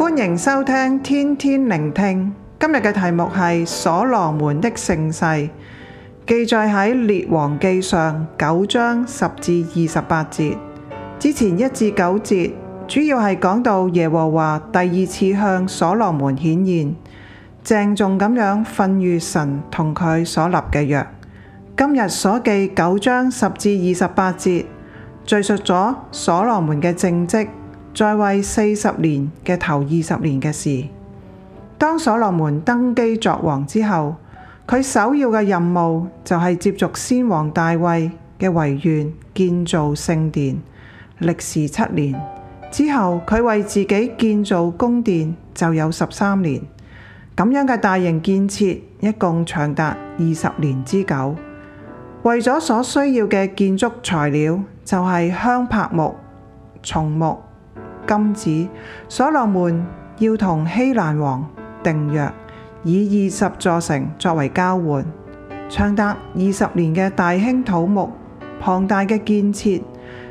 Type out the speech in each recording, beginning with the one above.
歡迎收聽天天靈聽，今日嘅題目係所羅門的盛世，記載喺列王紀上九章十至二十八節。之前一至九節主要係講到耶和華第二次向所羅門顯現，鄭重咁樣訓諭神同佢所立嘅約。今日所記九章十至二十八節，敘述咗所羅門嘅政績。在位四十年嘅頭二十年嘅事，當所羅門登基作王之後，佢首要嘅任務就係接續先王大衛嘅遺願，建造聖殿，歷時七年。之後佢為自己建造宮殿就有十三年，咁樣嘅大型建設一共長達二十年之久。為咗所需要嘅建築材料，就係香柏木、松木。金子，所羅門要同希蘭王訂約，以二十座城作為交換，長達二十年嘅大興土木，龐大嘅建設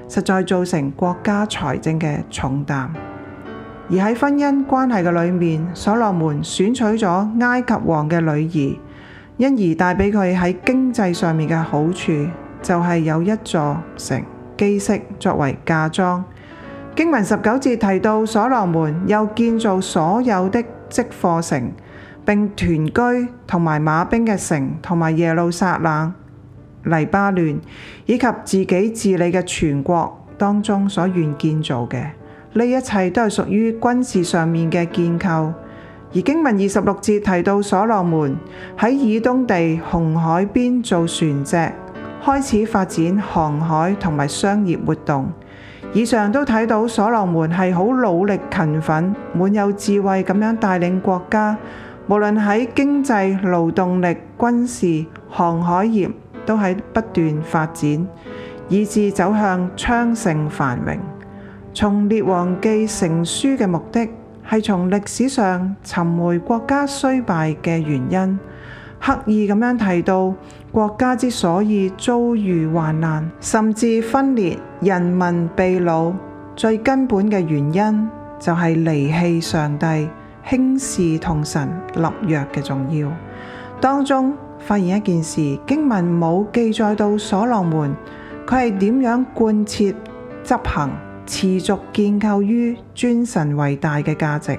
實在造成國家財政嘅重擔。而喺婚姻關係嘅裏面，所羅門選取咗埃及王嘅女兒，因而帶俾佢喺經濟上面嘅好處，就係有一座城基色作為嫁妝。經文十九節提到所羅門又建造所有的積貨城，並屯車同埋馬兵嘅城，同埋耶路撒冷、黎巴嫩以及自己治理嘅全國當中所願建造嘅，呢一切都係屬於軍事上面嘅建構。而經文二十六節提到所羅門喺以東地紅海邊做船隻，開始發展航海同埋商業活動。以上都睇到所羅門係好努力勤奮、滿有智慧咁樣帶領國家，無論喺經濟、勞動力、軍事、航海業都喺不斷發展，以致走向昌盛繁榮。從《列王紀》成書嘅目的係從歷史上尋回國家衰敗嘅原因，刻意咁樣提到，國家之所以遭遇患難，甚至分裂，人民被擄，最根本嘅原因就係離棄上帝，輕視同神立約嘅重要。當中發現一件事，經文冇記載到所羅門，佢係點樣貫徹執行、持續建構於尊神為大嘅價值？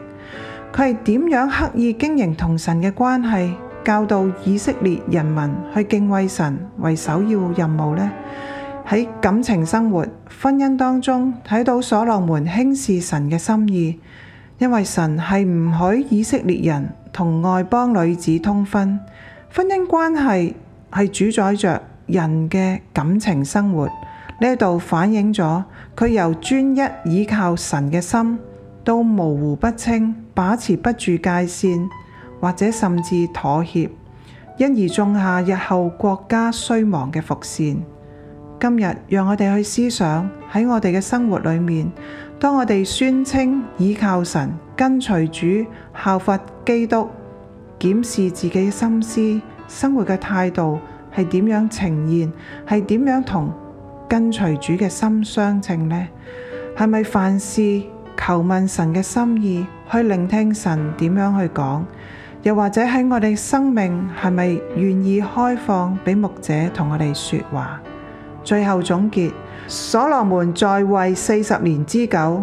佢係點樣刻意經營同神嘅關係？教導以色列人民去敬畏神為首要任務呢。喺感情生活、婚姻當中，睇到所羅門輕視神嘅心意，因為神係唔許以色列人同外邦女子通婚。婚姻關係係主宰着人嘅感情生活，呢度反映咗佢由專一倚靠神嘅心，到模糊不清、把持不住界線。或者甚至妥協，因而種下日後國家衰亡嘅伏線。今日讓我哋去思想喺我哋嘅生活裏面，當我哋宣稱倚靠神、跟隨主、效法基督，檢視自己心思、生活嘅態度係點樣呈現係點樣同跟隨主嘅心相稱呢？係咪凡事求問神嘅心意，去聆聽神點樣去講？又或者喺我哋生命係咪願意開放俾牧者同我哋說話？最後總結，所羅門在位四十年之久，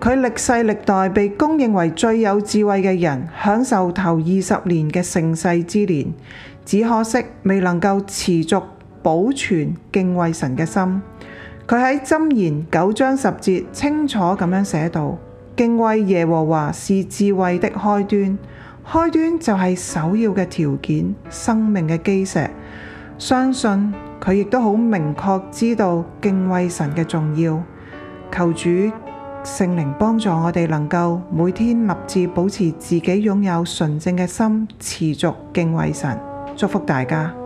佢歷世歷代被公認為最有智慧嘅人，享受頭二十年嘅盛世之年。只可惜未能夠持續保存敬畏神嘅心。佢喺箴言九章十節清楚咁樣寫到：敬畏耶和華是智慧的開端。開端就係首要嘅條件，生命嘅基石。相信佢亦都好明確知道敬畏神嘅重要。求主聖靈幫助我哋，能夠每天立志保持自己擁有純正嘅心，持續敬畏神。祝福大家。